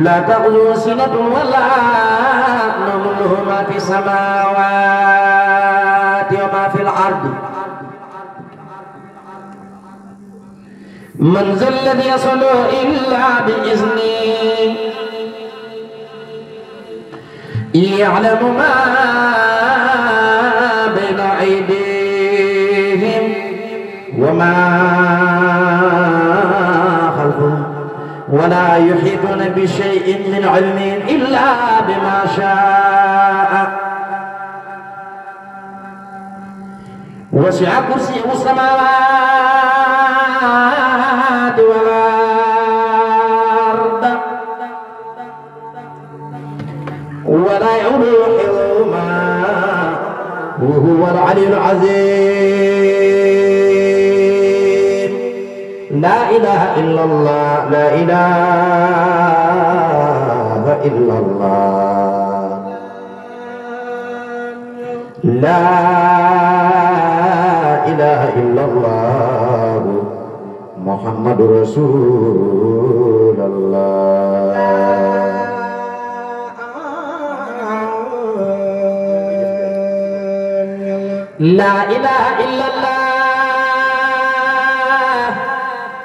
لا تغيو سنة ولا نمله ما في السماوات وما في الأرض من ذا الذي يصل إلا بإذنه يعلم ما بين أيديهم وما ولا يحيطون بشيء من علم إلا بما شاء وسع كرسيه السماوات والأرض ولا حظهما وهو العلي العزيز ilaha illallah la ilaha illallah la ilaha illallah Rasulullah La ilaha illallah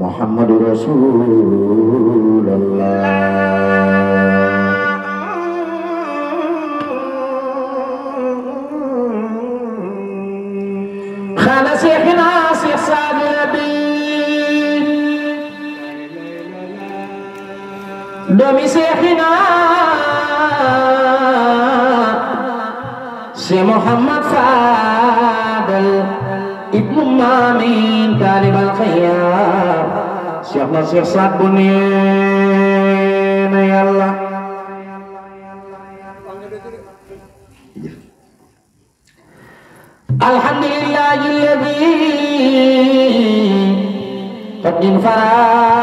محمد رسول الله خال شيخنا شيخ سعد الأبي دومي شيخنا شيخ محمد فاضل ابن مامين طالب الخيار Cheikh na Cheikh Saad bu nee na yàlla alhamdulillahi alladi qad fara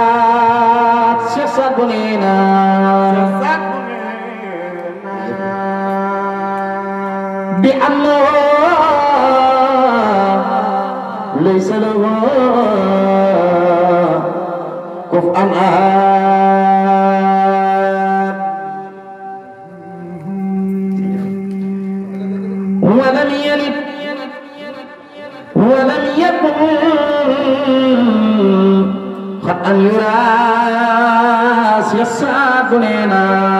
أنهار ولم يلد ولم يكن خطأ يراسي الساق لنا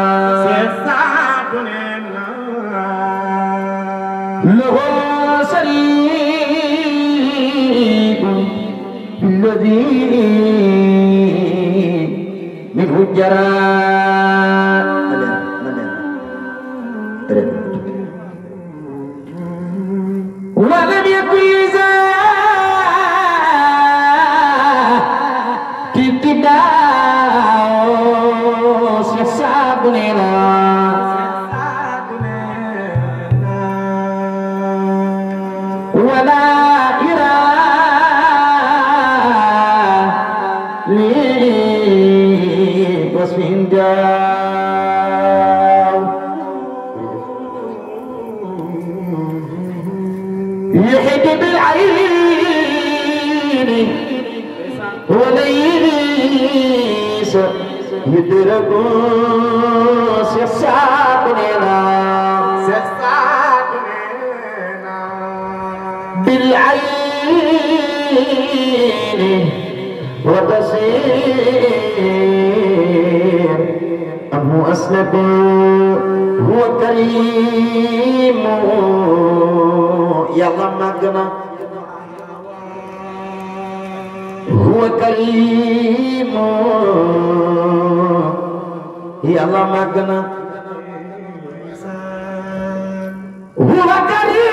penjara وبصير أم أسلب هو كريم يلا مقنا هو كريم يلا مقنا هو كريم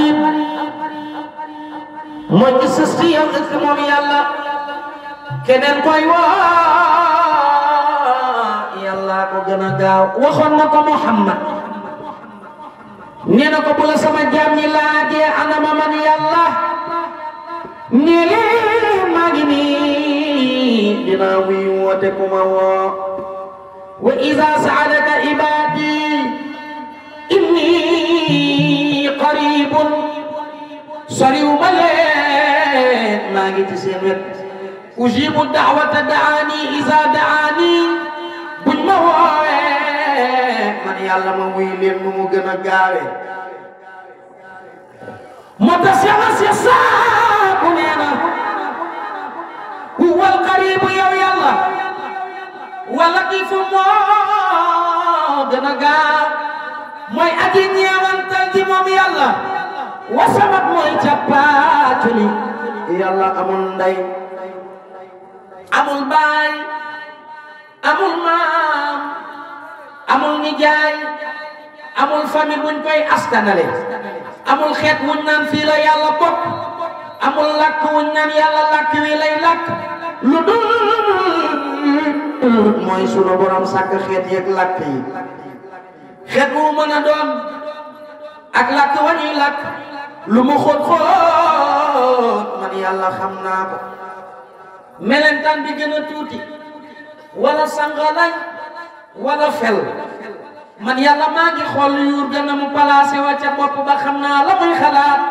mooy ci sës ci yàlla moom yàlla keneen koy waa yàlla ko gën a gaaw waxoon na ko Muhammad nee na ko bu la sama jaam ñi laajee ana ma man yàlla nee leen maa ngi nii dinaa wuy woote ku ma woo wa iza sa'alaka ibadi inni qaribun soriwuma leen ngi ci seen wet ujibu da'wata da'ani iza da'ani buñ ma woowee man yàlla ma wuy leen mu gën a gaawe moo tax si ya saabu nee na huwa alqaribu yow yàlla wala kii fu moo gën a gaaw mooy aji ñeewantal ji moom yàlla wasamat mooy cappaatuli yàlla amul ndey amul baay amul maam amul nijaay amul famille buñ koy askanale amul xeet wuñ naan fii la yàlla bokk amul làkk wuñ naan yàlla làkk wi lay làkk lu dul mooy sunu borom sàkk xeet yeeg làkk yi xeet wu mën a doon ak làkk wañuy làkk lu mu xóot xóot man yalla xamna ko melentan bi gëna a tuuti wala sangalay wala fel man yalla ma gi xol yuur gëna mu placé wa ca bop ba xamna la muy xalaat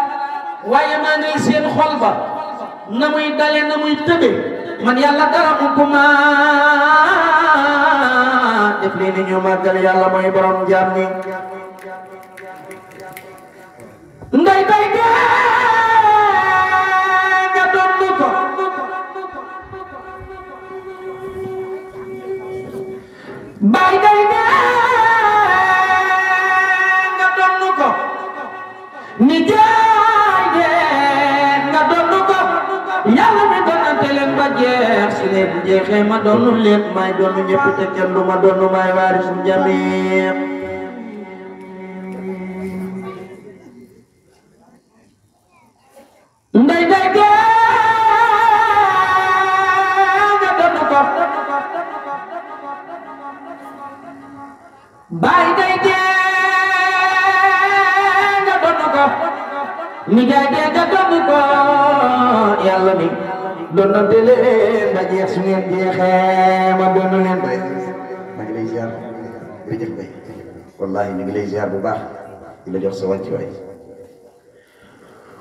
waye ma ngay seen xol ba na muy dalé na muy tebe man yalla dara mu ko maa def leen ñu màggal yalla moy borom jamm ngay bay dee nga donnu ko bay day dee ni jaay dee nga donnu ko yàlla mi donante leen ba jeex su ne bu jeexee ma donnu lépp may donnu ñëpp kenn du ma donnu may waari suñu Bayi day dee nga donn ko nijaay dee nga donn ko yàlla mi donnante leen ba jeex su ngeen jeexee ma donn leen rek maa ngi lay ziar wallahi ñu ngi lay ziar bu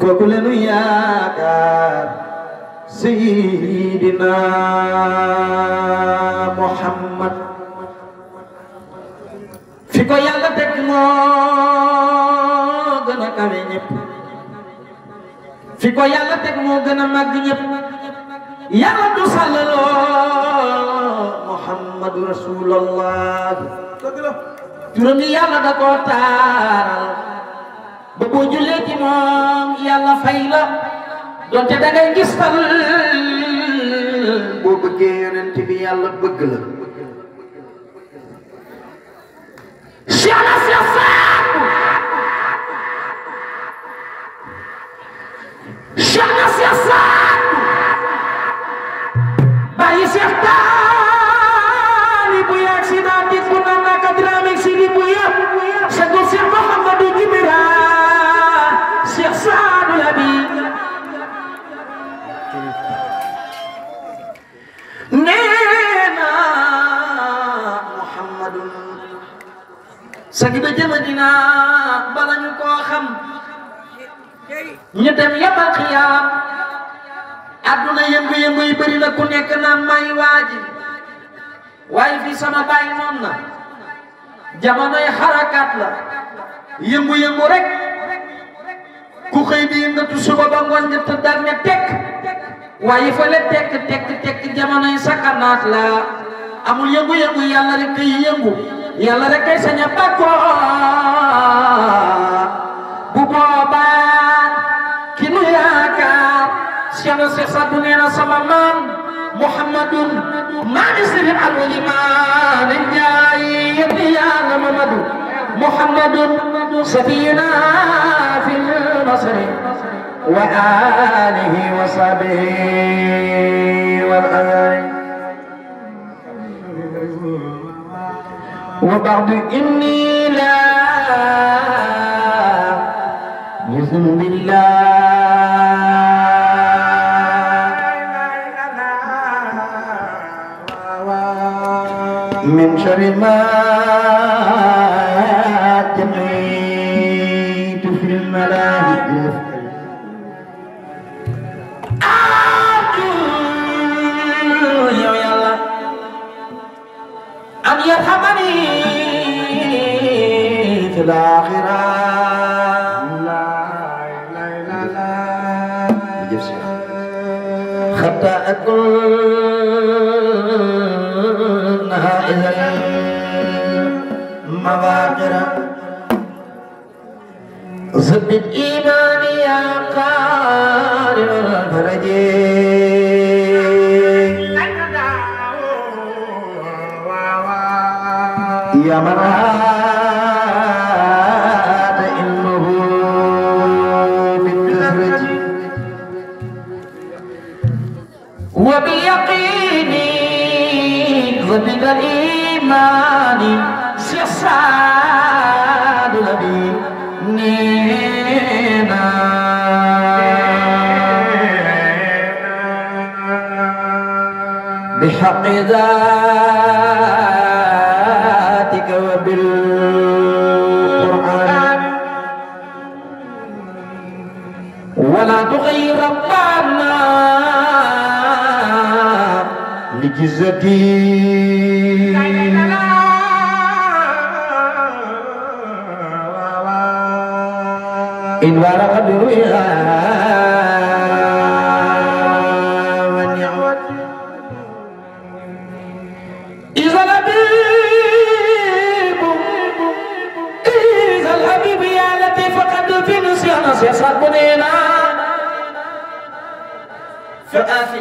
ya yaakaar sayyidina Muhammad fiko yalla tek mo gëna kawé ñep fiko yalla tek mo gëna mag ñep yalla du sàllaloo Muhammadu da ko taral ba boo jullee ci moom yàlla fay la donte da ngay gis tal bi yàlla bëgg la sajida jëla dinaat bala ñu koo xam ñu dem yamal yëngu-yëngu yi bëri na ku nekk naan may waaji waaye fii sama baay noon na jamonoy xarakaat la yëngu-yëngu rek ku xëy di yëngatu suba ba ngoon nga tëddaat tekk waaye fële tekk tekk tekk jamonoy sakanaat la amul yëngu-yëngu yàlla rek yëngu yàlla rek kay sañ a bàkkoo bu boobaa ki nu yaakaar seen si saddu nee na sama maam Muhammadun maa ngi siri alwalimaani Njaay yëpp yàlla Mamadu Muhammadun safina fi nasri wa alihi wa sahbihi wal وبعد إني لا بإذن الله من شر ما jëf si xata akul naha ilal mawaqira zabit iman بحق ذاتك وبالقرآن ولا تغير ربنا لجزتي إن ورقت رؤيا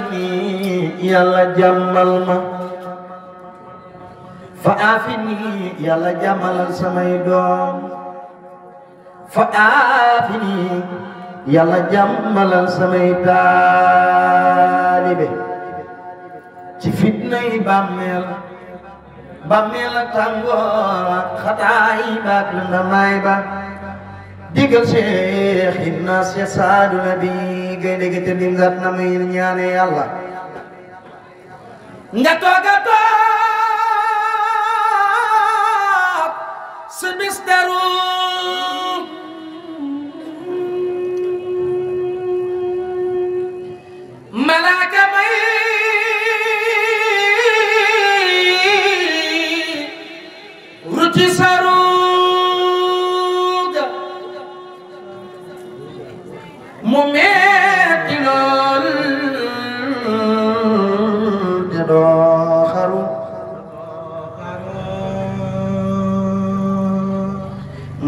afini yàlla jàmmal ma fa afini yàlla jàmmalal samay doom fa afini yàlla jàmmalal samay taalibe ci fitna yi bàmmeel bàmmeel ak tàngoor ak xataay ba ak lëndamaay ba digal Cheikh Ibn Sa'd Nabi gaynde gi te nim gat na muy ñaane yàlla nga tooga toog si bis deru malaaka may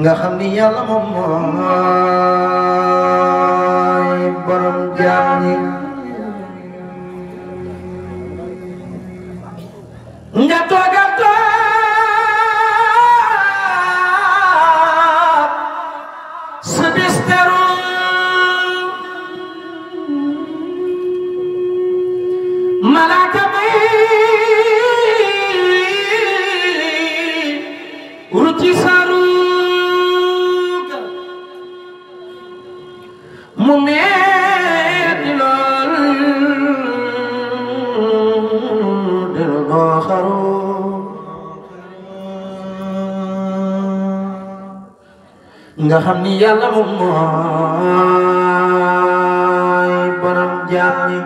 nga xam ni yàlla moom mooy borom jaam ñi nga xam ni yàlla moom mooy borom jaam ñi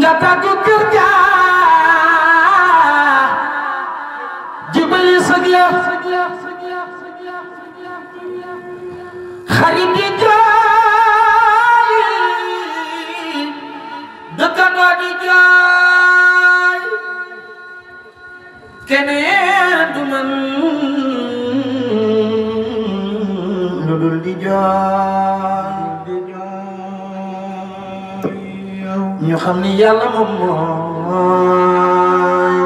nga tàggu kër ja jibali sa jooy ñu xam ni yàlla moom mooy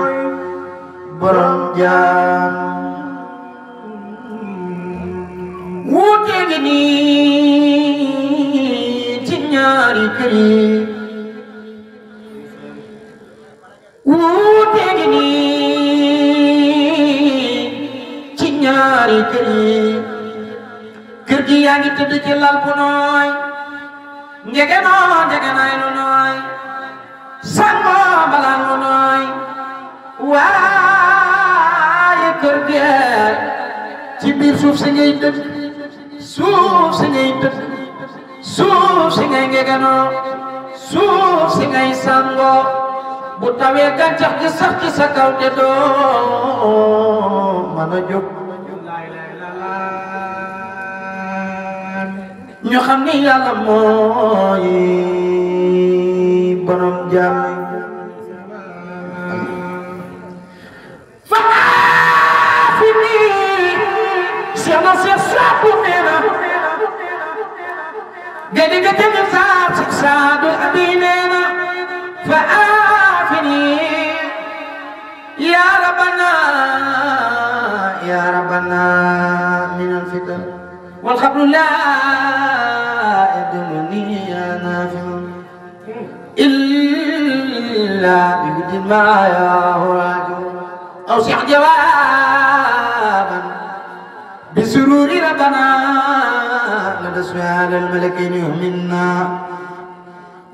borom jaam wuute gi nii ci ñaari kër yi kii yaa ngi tëdd ci lal bu nooy njege noo nooy sangoo balaan nooy waaye kër gi ci biir suuf si ngay tëdd suuf si ngay tëdd suuf si ngay ngege suuf si ngay sangoo bu tawee gàncax gi sax kaw te doo mën a jóg ñu xam ne yàlla mooy borom jàmm قد قتل صاحب سعد أبينا فآفني يا ربنا يا ربنا من الفتن والخبر لا يدمني نافع إلا بوجد ما ياه أوسع جوابا بسرور ربنا لدى سؤال الملكين يؤمنا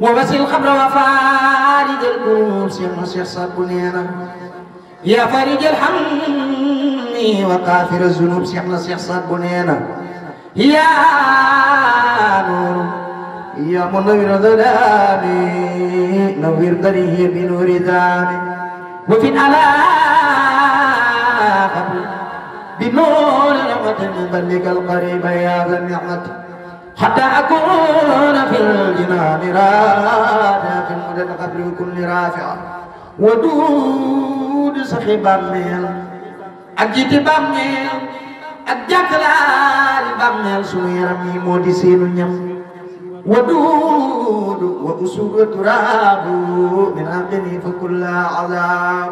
وبس الخبر وفارج الكروب سيح نصيح بنينا يا فارج الحم وقافر الذنوب نصيح بنينا يا نور يا منور ظلامي نور ظلي بنور ذامي وفي الألاء بنور رحمة مبلغ القريب يا ذا النعمة حتى أكون في الجنان رافعا في المدن قبل كل رافعة ودود صحي بامير أجيت بامير ak jàkkalaari bàmmeel sunu yaram yi moo di seenu ñam wa duudu wa usudu turaabu min ardini fa kulla azab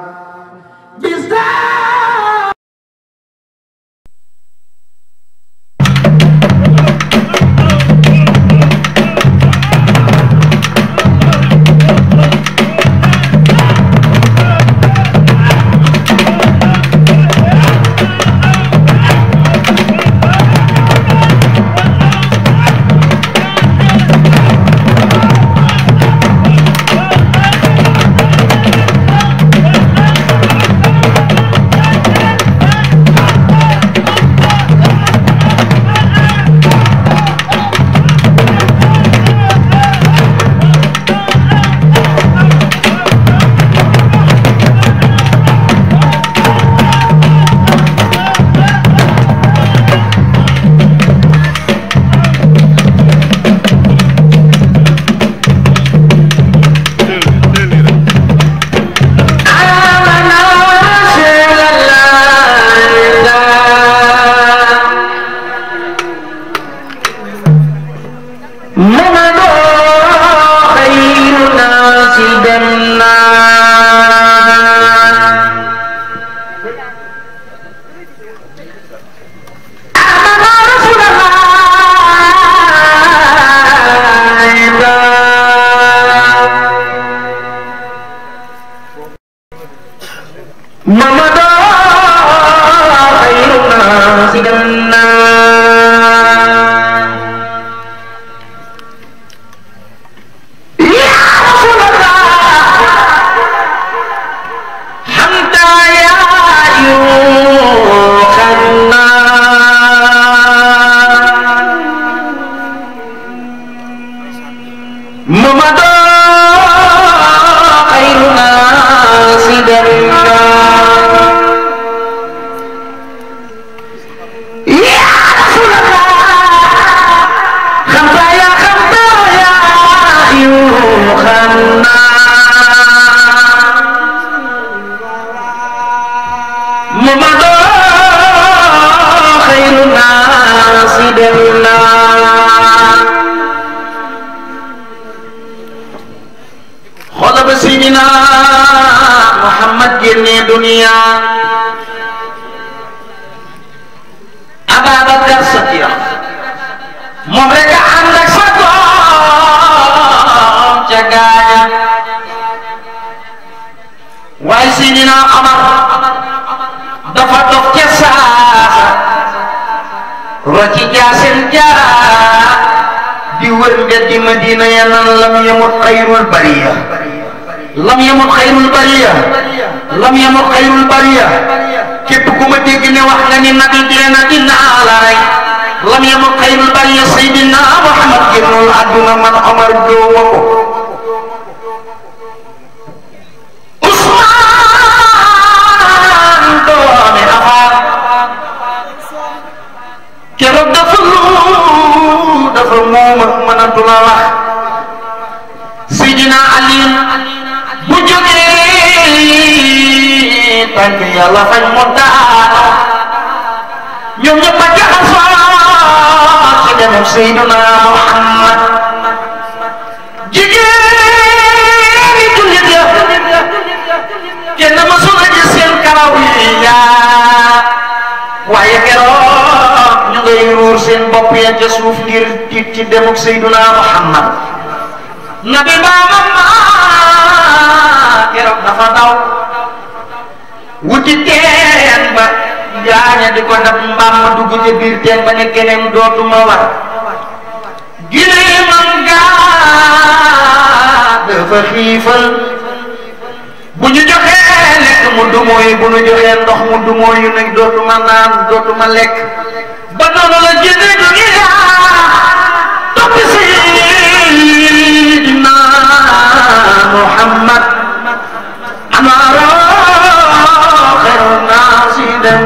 wóor seen bopp ya ca suuf ngir ci ci demuk sayyiduna Muhammad nabi baamam maa keroog dafa daw wuti teen ba jaña di ko dab mbam dugg ci bir teen ba ne keneen dootuma war gine gileemam gaa dafa xiifal bu ñu joxe lek mu du moy bu ñu joxe ndox mu du moy nag dootuma naan dootuma lek ba noonu la génne Muhammad amaaro xer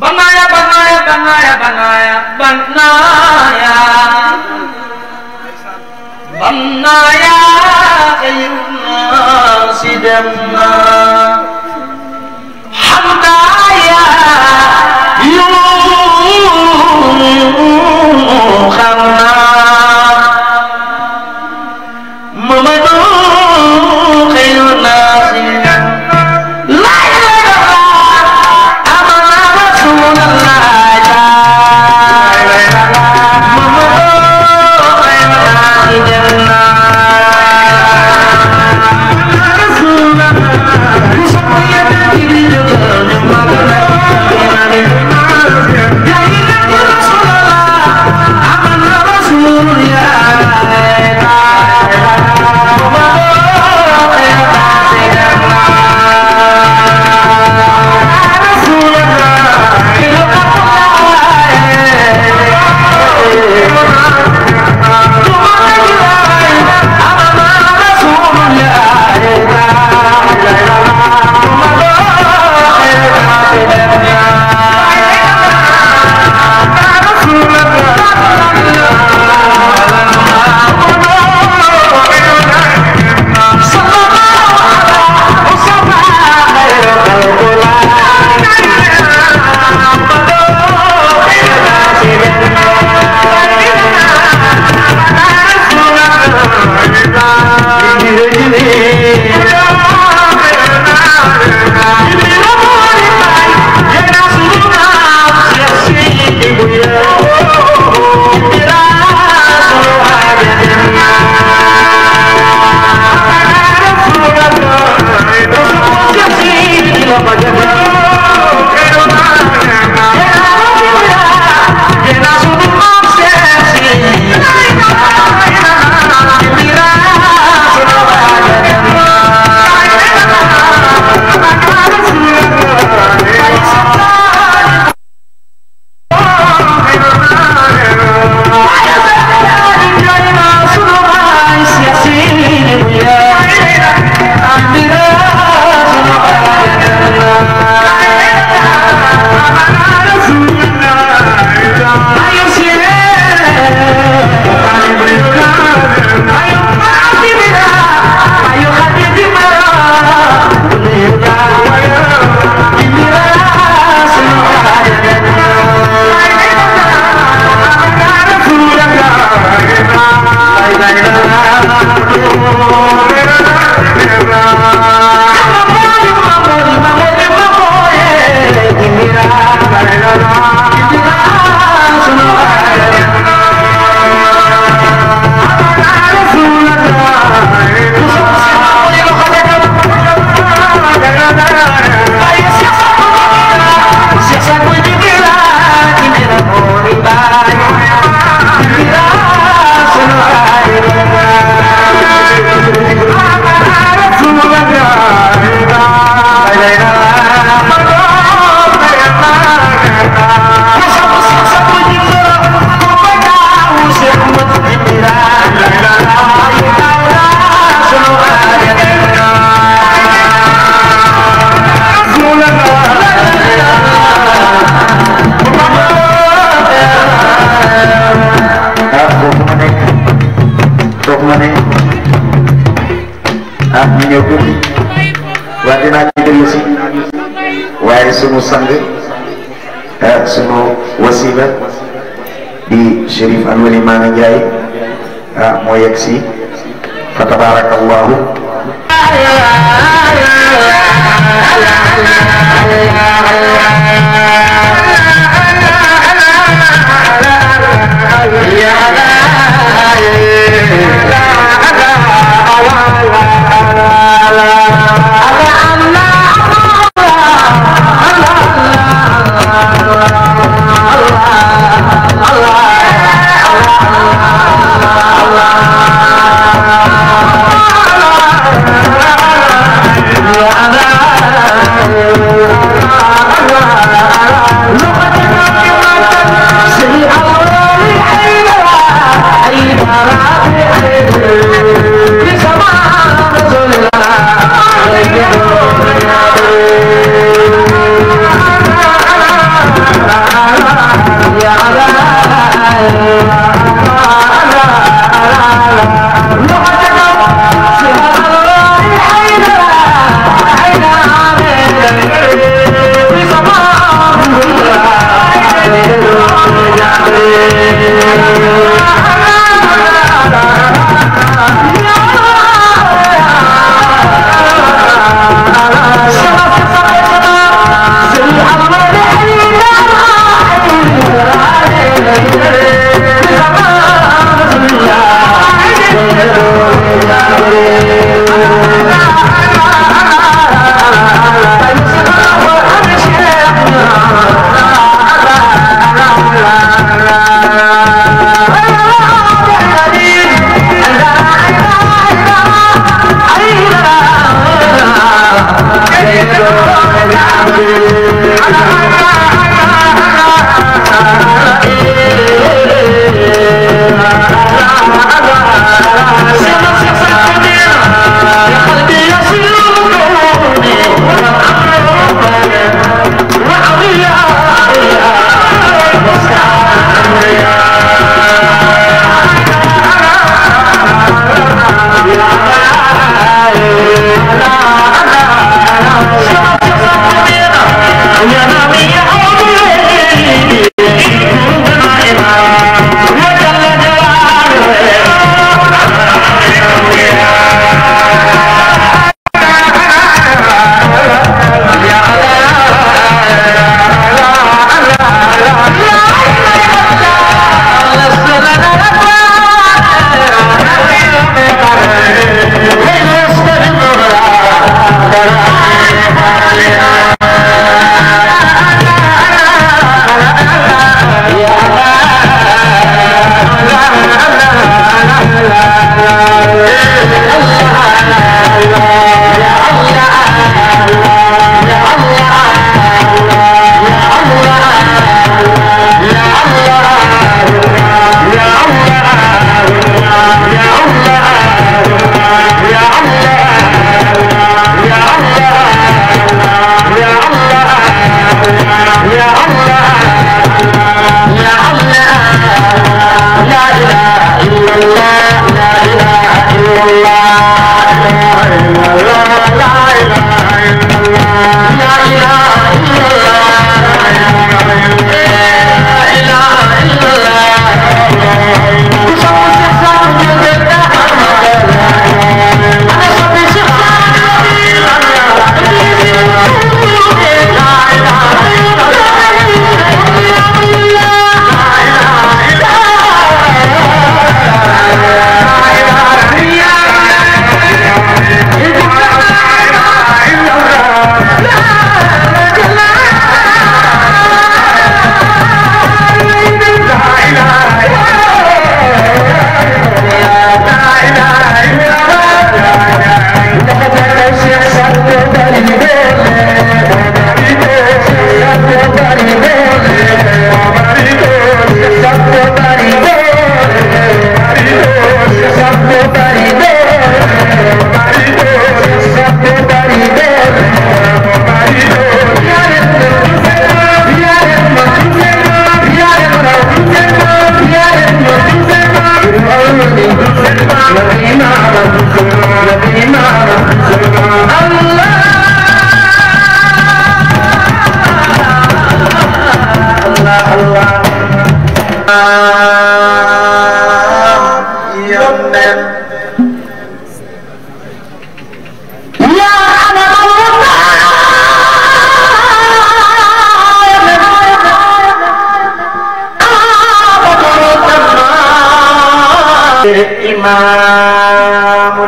bangaya bangaya bangaya bangaya, banaya banaya banaya banaya banaya banaya Yeah. Ah, sunu sang sunu wasila di Chérif Alwely Maana Ndiaye ah moo yegg si fa tabaarakallahu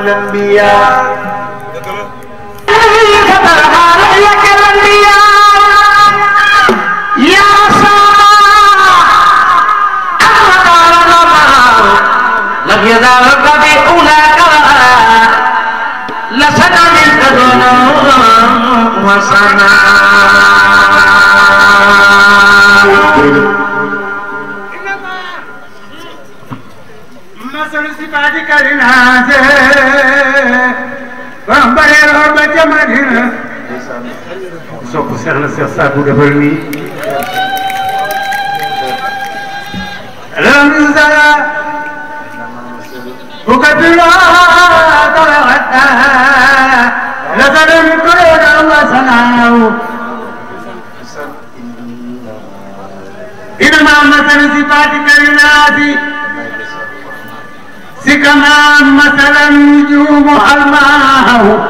लंबिया sopp seex na seex saabu defal nii لم يزل مقدرا طلعتها لقد انكرنا الله صنعه إنما مثل صفات كلمات سكما مثلا نجوم الماء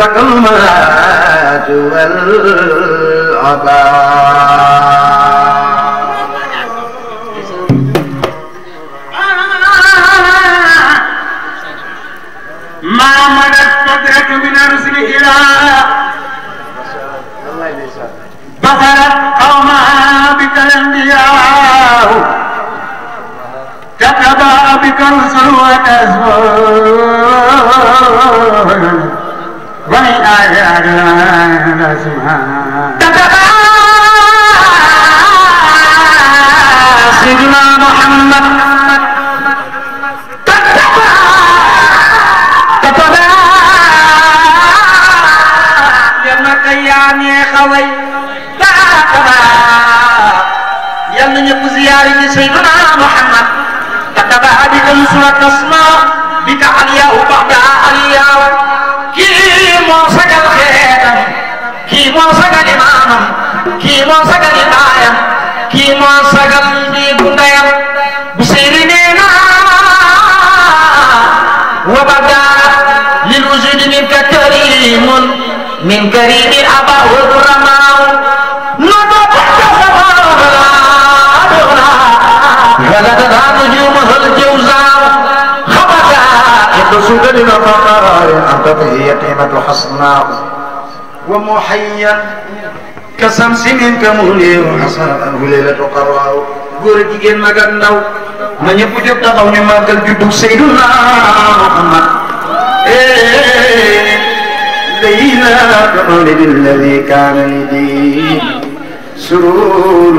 الأمهات والأباء ما مدت قدرة من ارسل إلى بطلت قومها بك الأنبياء تتبع بك الرسل وتزول ومن آياتنا سيدنا محمد يا من يقزي عليك سيدنا محمد كتب عليكم سورة اسماء سدل فقرار أنت هي قيمة حصناء ومحيا كسمس منك منير حسنا ليلة قرار góor jigéen mag ak ndaw na ñëpp jóg taxaw ñu màggal juddu Seydina Muhammad eh, eh, eh, سيلك مولد الذي كان لدي سرور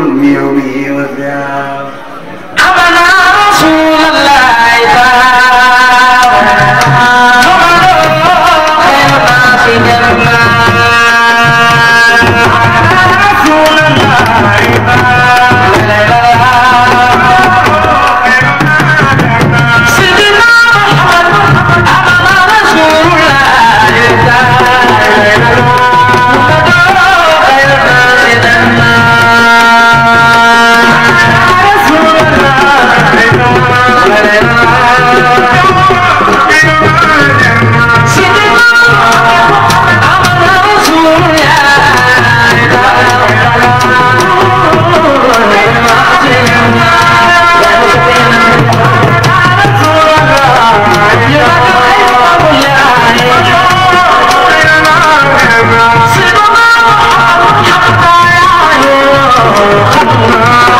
Alhamdulillah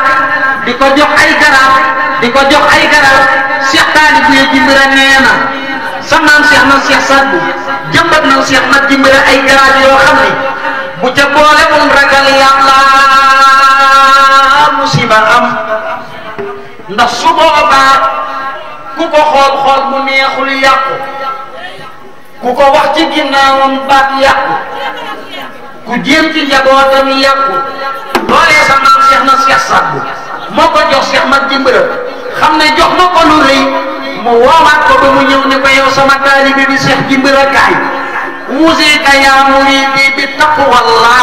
diko jox ay garab cheikh talib yu jimbira neena samam cheikh na cheikh sadu jambat na cheikh na jimbira ay garab yo xamni bu ca boole mum ragal ya allah musiba am ndax su booba ku ko xol xol mu neexul yàqu ku ko wax ci ginnaawam baat yàqu ku jéem ci njabootam yàqu ya ya loolee sa cheikh na cheikh sadu moko jox cheikh ma jimbira xamne jox na ko lu reuy mu ko bu mu ñew ne ko yow sama talib bi cheikh ji mbir a ka ya yaa muridi bi taqwallah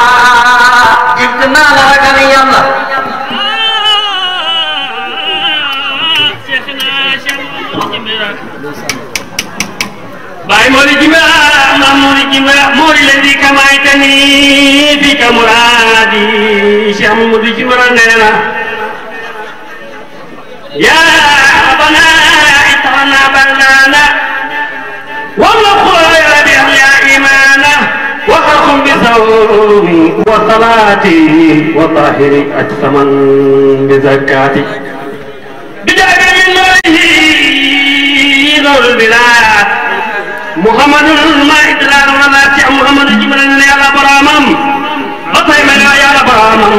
jëkk naa la ragal yàlla باي مولي يا ربنا إطعنا بلانا والله يا بهم يا إيمانا وحكم بثوري وصلاتي وطاهري أجسما بزكاتي بدأ من نوره نور البلاد محمد ما إدرار ولا محمد جبريل يا برامم maamam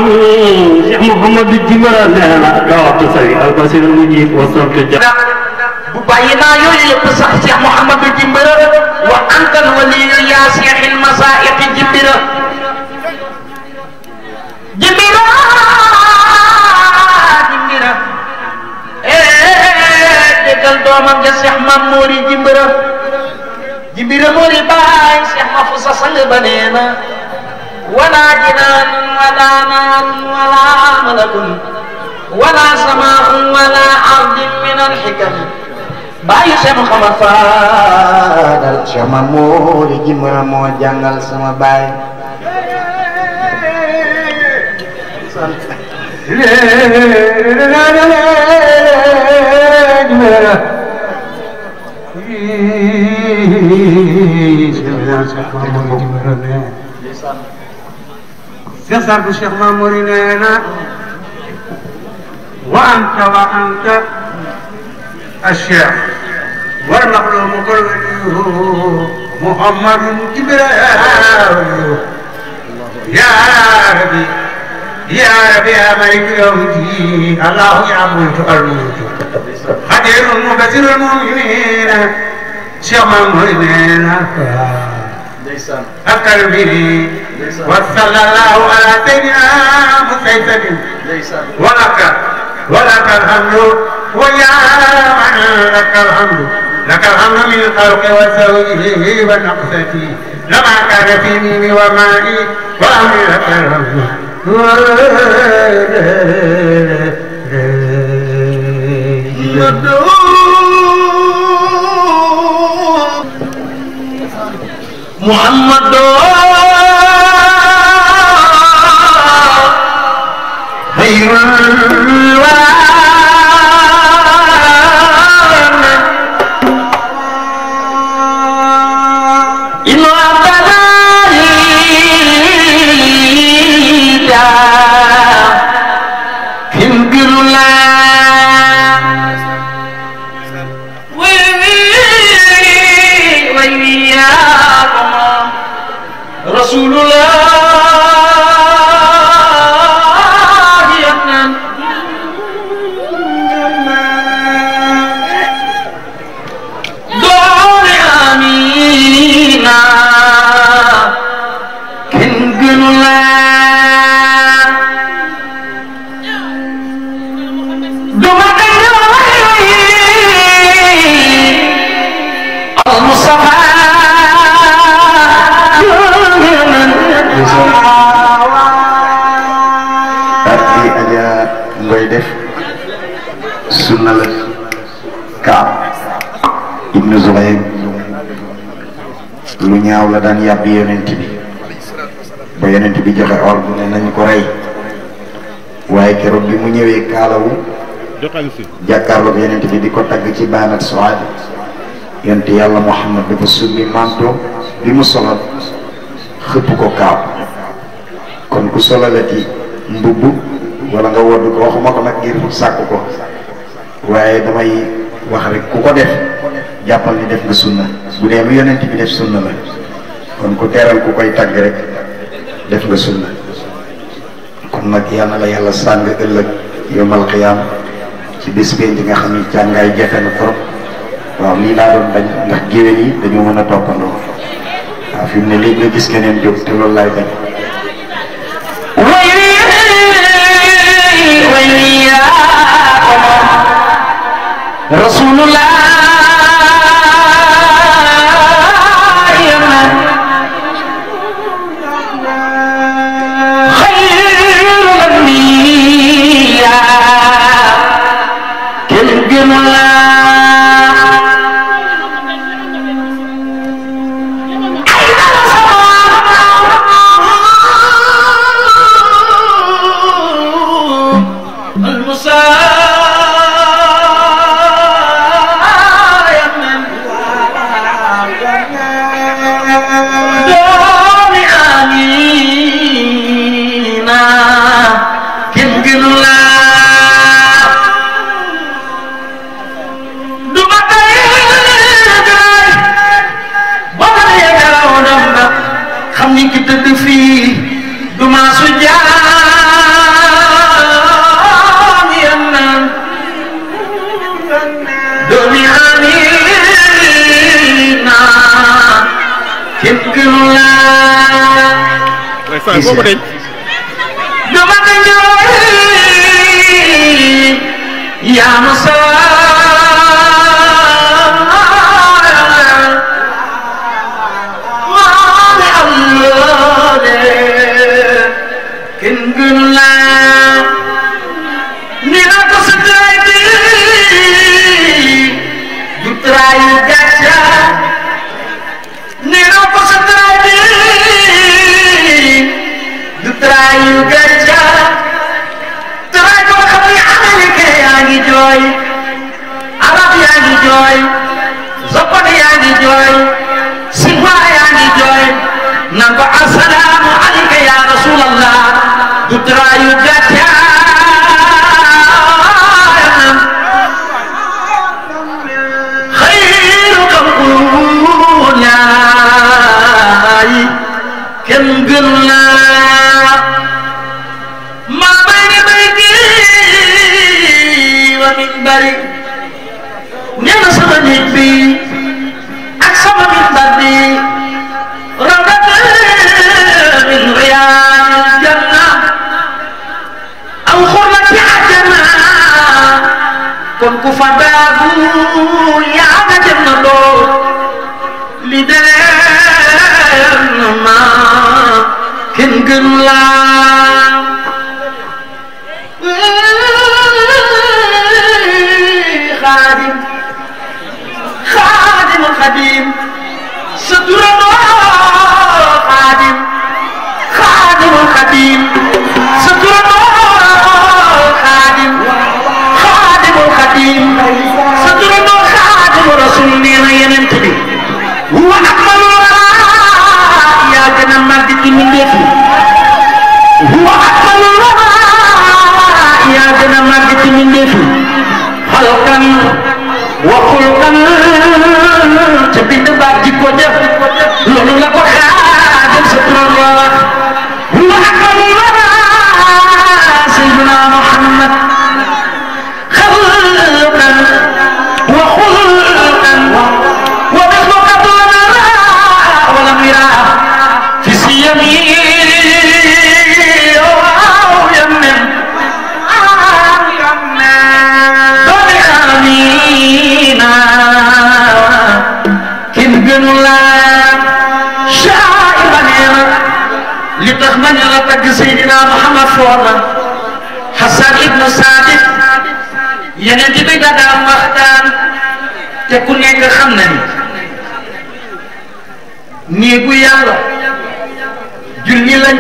Mouhamadou Djimara nee na dawatu say albasir mujib wa sartu ja bu bàyyi naa yooyu yëpp sax Cheikh Mouhamadou Djimara wa antal waliyu yaa Cheikhil masaiqi Djimara Djimara Djimara eh, déggal doomam ja Cheikh Mamouri Djimara Djimara Mori baay Cheikh Mafoussa sang ba nee na ولا جنان ولا نار ولا ملك ولا سماء ولا أرض من الحكم bàyyi sama xama faadal sama moori ji ma moo jàngal sama baay léegi يسر بشيخ مامورين هنا وأنت وأنت الشيخ والمخلوق مقرن محمد جبرائيل يا ربي يا ربي يا ملك يوم الدين الله يا ملك الملك خير المبشر المؤمنين شيخ مامورين هنا أفكر به وصلى الله على سيدنا مسيسد ولك ولك الحمد ويا من لك الحمد لك الحمد من الخلق وسويه ونقصتي لما كان في ميمي ومائي وأمري لك الحمد يدعو Mohammad Hairul la daan yàbb yonent bi ba yonent bi joxe ordre ne nañ ko rey waaye keroog bi mu ñëwee kaalawu jàkkaarloog yonent bi di ko tagg ci baanat soad yonent yàlla Muhammad dafa summi manto bi mu solal xëpp ko kaaw kon ku solalati mbubb wala nga wodd ko waxuma ko nag ngir sàkk ko waaye damay wax rek ku ko def jàppal ni def nga sunna bu dee lu yonent bi def sunna la kon ku teral ku koy tàgg rek def nga sunna kon nak yalla la yalla sang ëllëg yomal qiyam ci bés bi nga xamni jangay jàngaay jafe na trop waaw lii laa doon bañ ndax géwél yi dañu mën topando wa fi ne léegi nga gis keneen jox te loolu lay bañ Rasulullah mii ci tëdd fii du maa su jaam yan naan doomi amina cim gën laa gis nga du ma ko ñëwee yaa ma saa jooy sa xol yaa ngi jooy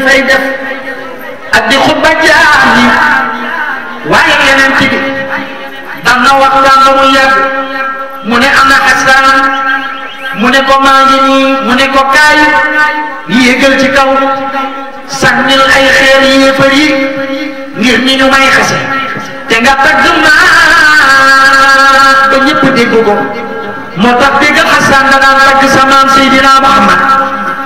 lañ fay def ak di xutba jaam yi waaye yeneen ci bi dam na waxtaan ba mu yàgg mu ne ana xasaan mu ne ko maa ngi mu ne ko kaay yéegal ci kaw sànnil ay xeer yéefar yi ngir ni ñu may xase te nga tagg maa ba ñëpp dégg ko moo tax dégg xasaan da daan tagg sa maam Muhammad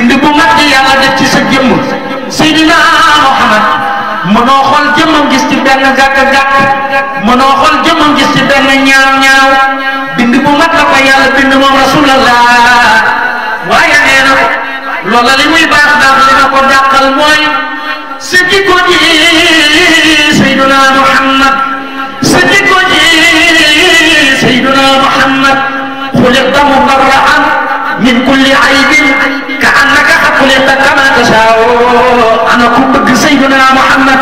bind bu mag gi yàlla def ci sa Muhammad mënoo xool jëmmam gis ci benn gak gàkk mënoo xool jëmmam gis ci ben ñaaw ñaaw bind bu mag la ko yalla bind mom rasulullah waya neena lola li muy baax baax li nga ko dakal moy sidi ko ji Muhammad sidi ko ji Seydina Muhammad xuliqta mubarraan min kulli aybin anta kama tashaa ana ku bëgg sayyiduna Muhammad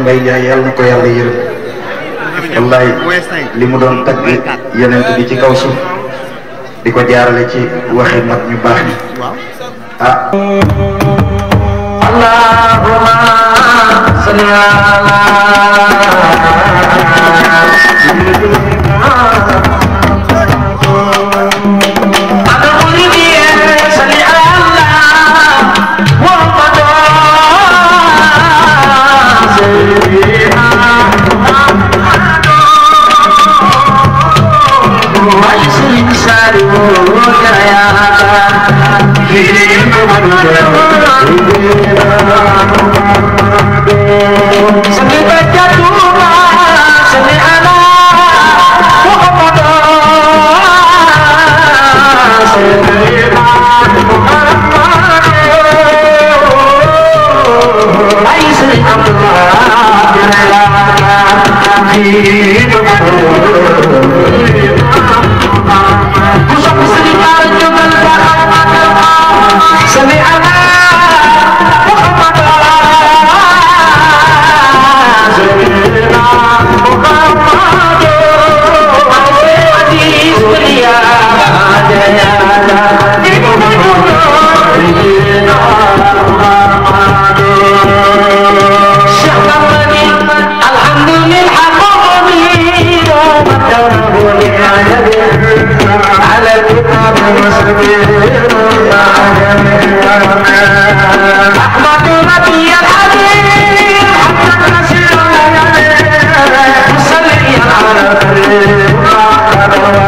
Mbaye Ndiaye yàlla na ko yàlla yërëm li mu doon tagg yonent bi ci kaw suuf di ko jaarale ci waxi mag ñu baax ni ah allahumma salli In the very very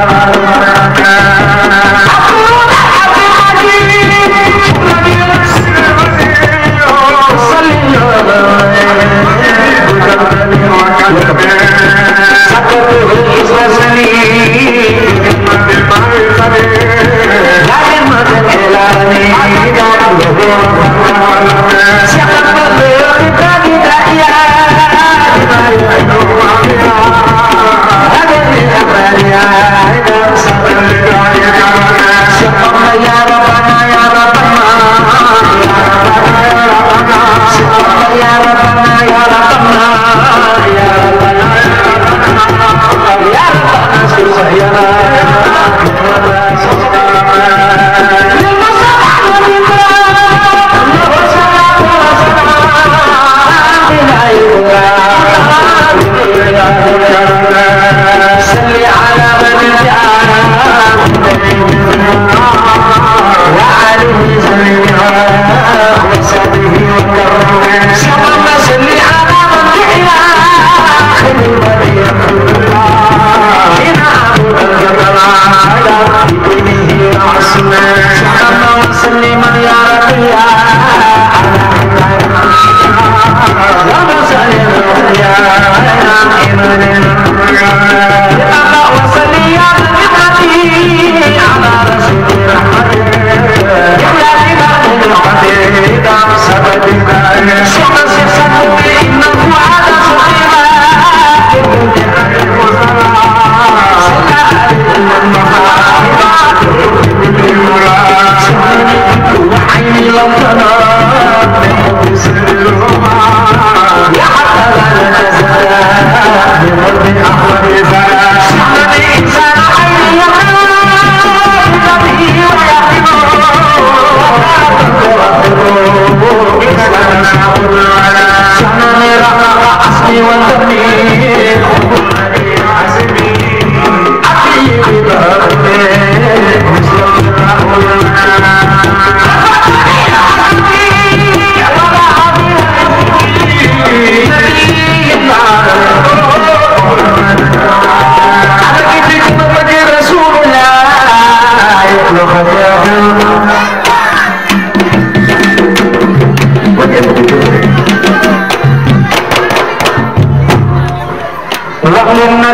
وأهل النار